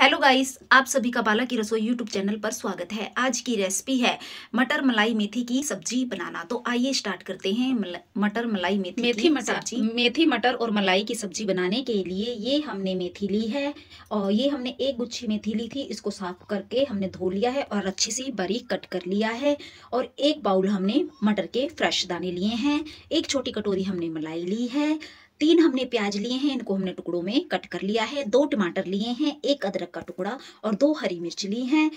hello guys आप सभी का बाला की रसोई यूट्यूब चैनल पर स्वागत है आज की रेसिपी है मटर मलाई मेथी की सब्जी बनाना तो आइए स्टार्ट करते हैं मल, मटर मलाई मेथी मेथी मटर मेथी मटर और मलाई की सब्जी बनाने के लिए ये हमने मेथी ली है और ये हमने एक गुच्छी मेथी ली थी इसको साफ करके हमने धो लिया है और अच्छे से बारीक कट कर लिया है और एक बाउल हमने मटर के फ्रेश दाने लिए हैं एक छोटी कटोरी हमने मलाई ली है तीन हमने प्याज लिए हैं इनको हमने टुकड़ों में कट कर लिया है दो टमाटर लिए हैं एक अदरक का टुकड़ा और दो हरी मिर्च ली हैं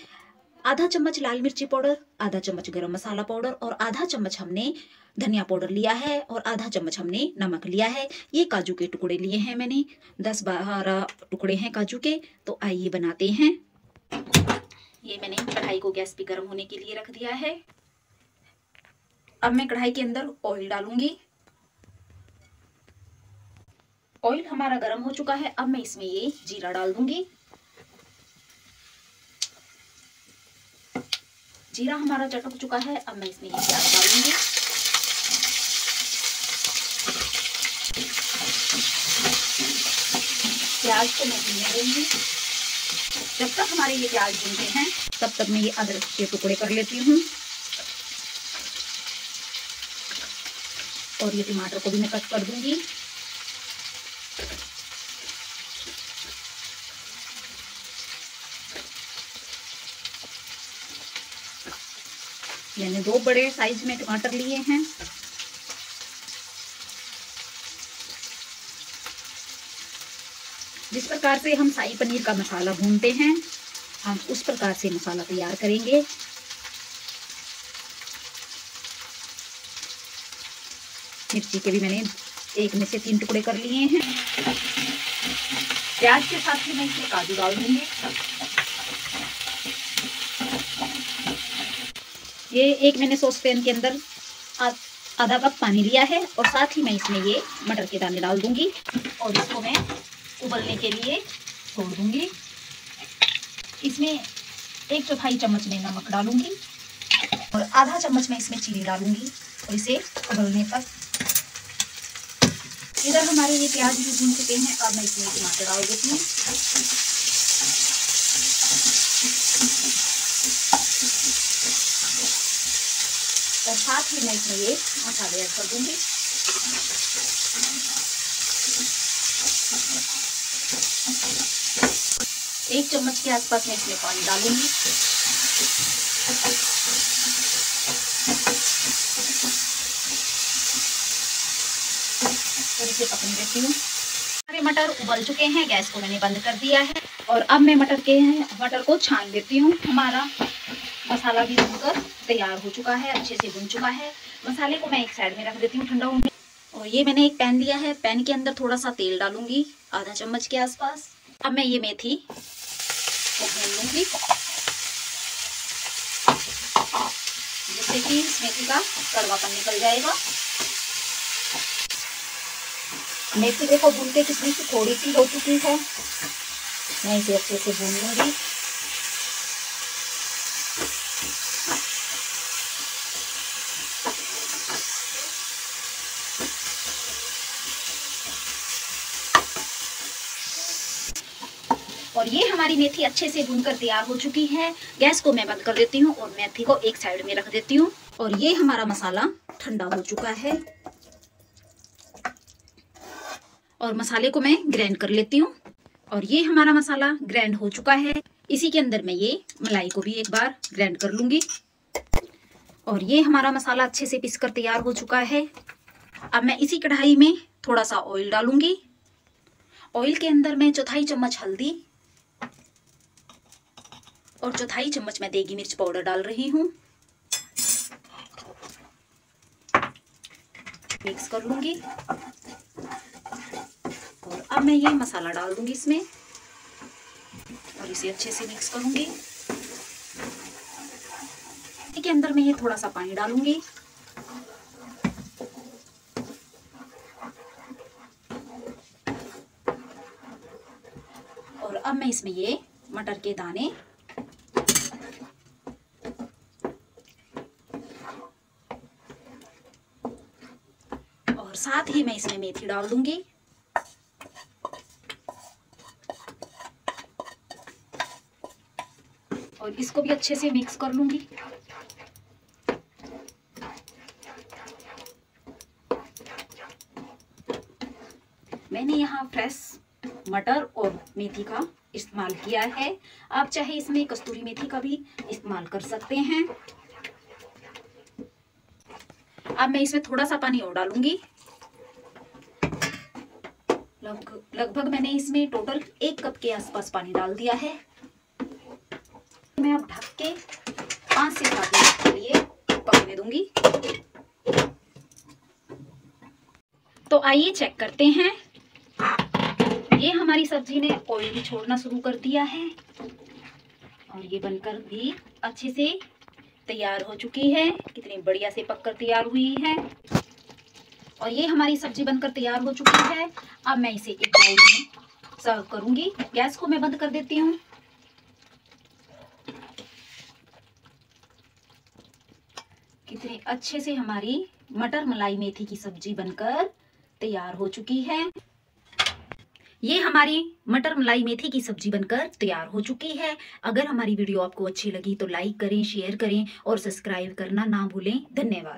आधा चम्मच लाल मिर्ची पाउडर आधा चम्मच गरम मसाला पाउडर और आधा चम्मच हमने धनिया पाउडर लिया है और आधा चम्मच हमने नमक लिया है ये काजू के टुकड़े लिए हैं मैंने दस बारह टुकड़े हैं काजू के तो आइए बनाते हैं ये मैंने कढ़ाई को गैस पे गर्म होने के लिए रख दिया है अब मैं कढ़ाई के अंदर ऑयल डालूंगी ऑयल हमारा गर्म हो चुका है अब मैं इसमें ये जीरा डाल दूंगी जीरा हमारा चटक चुका है अब मैं इसमें ये प्याज डालूंगी प्याज को मैं भूनने दूंगी जब तक हमारे ये प्याज भूनते हैं तब तक मैं ये अदरक के टुकड़े कर लेती हूँ और ये टमाटर को भी मैं कट कर दूंगी मैंने दो बड़े साइज में टमाटर लिए हैं जिस प्रकार से हम शाही पनीर का मसाला भूनते हैं हम उस प्रकार से मसाला तैयार करेंगे मिर्ची के भी मैंने एक में से तीन टुकड़े कर लिए हैं प्याज के साथ ही मैं इसमें काजू डाल दूंगी ये एक मैंने सॉस पैन के अंदर आधा कप पानी लिया है और साथ ही मैं इसमें ये मटर के दाने डाल दूंगी और इसको मैं उबलने के लिए छोड़ दूंगी इसमें एक चौथाई चम्मच में नमक डालूंगी और आधा चम्मच में इसमें चीनी डालूंगी और इसे उबलने तक इधर हमारे ये प्याज भी भून चुके हैं अब मैं इसमें टमाटर डाल देती हूँ और साथ ही मैं इसमें ये मसाले ऐड कर दूंगी एक चम्मच के आसपास मैं इसमें पानी डालूंगी और इसे पकने देती हूँ हमारे मटर उबल चुके हैं गैस को मैंने बंद कर दिया है और अब मैं मटर के हैं मटर को छान देती हूँ हमारा मसाला भी भूनकर तैयार हो चुका है अच्छे से भुन चुका है मसाले को मैं एक साइड में रख देती हूँ ठंडा होने और ये मैंने एक पैन लिया है पैन के अंदर थोड़ा सा तेल डालूंगी आधा चम्मच के आसपास अब मैं ये मेथी को भून लूंगी जिससे कि इस मेथी का कड़वापन निकल जाएगा मेथी देखो भूनते किसमें से थोड़ी सी हो चुकी है मैं इसे अच्छे से भून लूंगी और ये हमारी मेथी अच्छे से भून कर तैयार हो चुकी है गैस को मैं बंद कर देती हूँ और मेथी को एक साइड में रख देती हूँ और ये हमारा मसाला ठंडा हो चुका है और मसाले को मैं ग्राइंड कर लेती हूँ और ये हमारा मसाला ग्राइंड हो चुका है इसी के अंदर मैं ये मलाई को भी एक बार ग्राइंड कर लूंगी और ये हमारा मसाला अच्छे से पिस कर तैयार हो चुका है अब मैं इसी कढ़ाई में थोड़ा सा ऑयल डालूंगी ऑयल के अंदर मैं चौथाई चम्मच हल्दी और चौथाई चम्मच मैं देगी मिर्च पाउडर डाल रही हूँ मिक्स कर लूंगी और अब मैं ये मसाला डाल दूंगी इसमें और इसे अच्छे से मिक्स करूंगी के अंदर मैं ये थोड़ा सा पानी डालूंगी और अब मैं इसमें ये मटर के दाने साथ ही मैं इसमें मेथी डाल दूंगी और इसको भी अच्छे से मिक्स कर लूंगी मैंने यहाँ फ्रेश मटर और मेथी का इस्तेमाल किया है आप चाहे इसमें कस्तूरी मेथी का भी इस्तेमाल कर सकते हैं अब मैं इसमें थोड़ा सा पानी और डालूंगी लगभग मैंने इसमें टोटल एक कप के आसपास पानी डाल दिया है मैं अब ढक के पांच से सात मिनट के लिए पकने दूंगी तो आइए चेक करते हैं ये हमारी सब्जी ने ऑयल भी छोड़ना शुरू कर दिया है और ये बनकर भी अच्छे से तैयार हो चुकी है कितनी बढ़िया से पककर तैयार हुई है और ये हमारी सब्जी बनकर तैयार हो चुकी है अब मैं इसे एक बाउल में सर्व करूंगी गैस को मैं बंद कर देती हूँ कितने अच्छे से हमारी मटर मलाई मेथी की सब्जी बनकर तैयार हो चुकी है ये हमारी मटर मलाई मेथी की सब्जी बनकर तैयार हो चुकी है अगर हमारी वीडियो आपको अच्छी लगी तो लाइक करें शेयर करें और सब्सक्राइब करना ना भूलें धन्यवाद